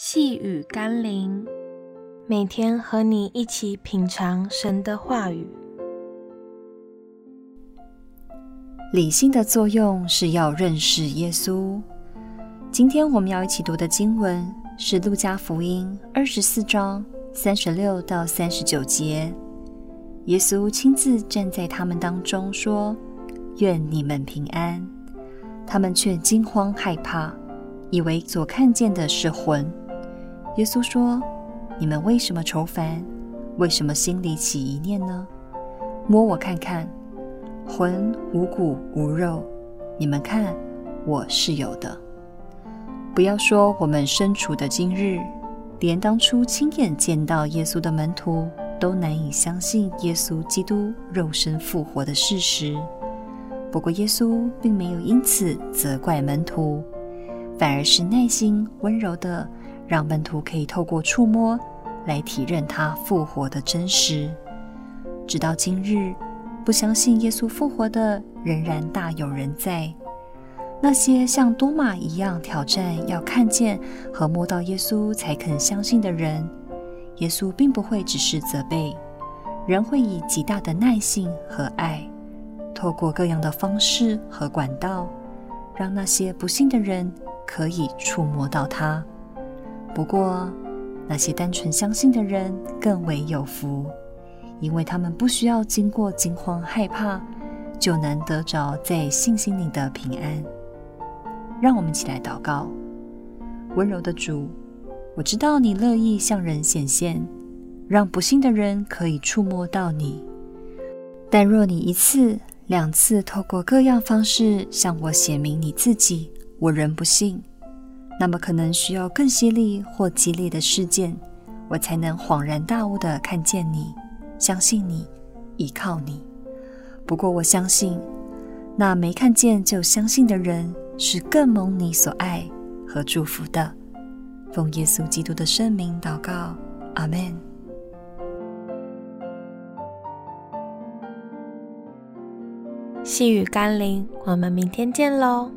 細語甘霖，每天和你一起品嘗神的話語。理性的作用是要認識耶穌。今天我們要一起讀的經文是《路加福音》二十四章三十六到三十九節。耶穌親自站在他們當中，說：“願你們平安。”他們卻驚慌害怕，以為所看見的是魂。耶穌說：“你們為什麼愁煩？為什麼心裡起疑念呢？摸我看看，魂無骨無肉，你們看，我是有的。不要說我們身處的今日，連當初親眼見到耶穌的門徒都難以相信耶穌基督肉身復活的事實。不過，耶穌並沒有因此責怪門徒。”反而是耐心溫柔的，讓門徒可以透過觸摸來體認他復活的真實。直到今日，不相信耶穌復活的仍然大有人在。那些像多馬一樣挑戰要看見和摸到耶穌才肯相信的人，耶穌並不會只是責備，仍會以極大的耐性和愛，透過各樣的方式和管道。讓那些不信的人可以觸摸到祂。不過，那些單純相信的人更為有福，因為他們不需要經過驚慌害怕，就能得着在信心裡的平安。讓我們一起來禱告：溫柔的主，我知道你樂意向人顯現，讓不信的人可以觸摸到你。但若你一次，兩次透過各樣方式向我顯明你自己，我仍不信。那麼可能需要更犀利或激烈的事件，我才能恍然大悟地看見你、相信你、倚靠你。不過我相信，那沒看見就相信的人是更蒙你所愛和祝福的。奉耶穌基督的聖名禱告，阿門。細語甘霖，我們明天見嘍。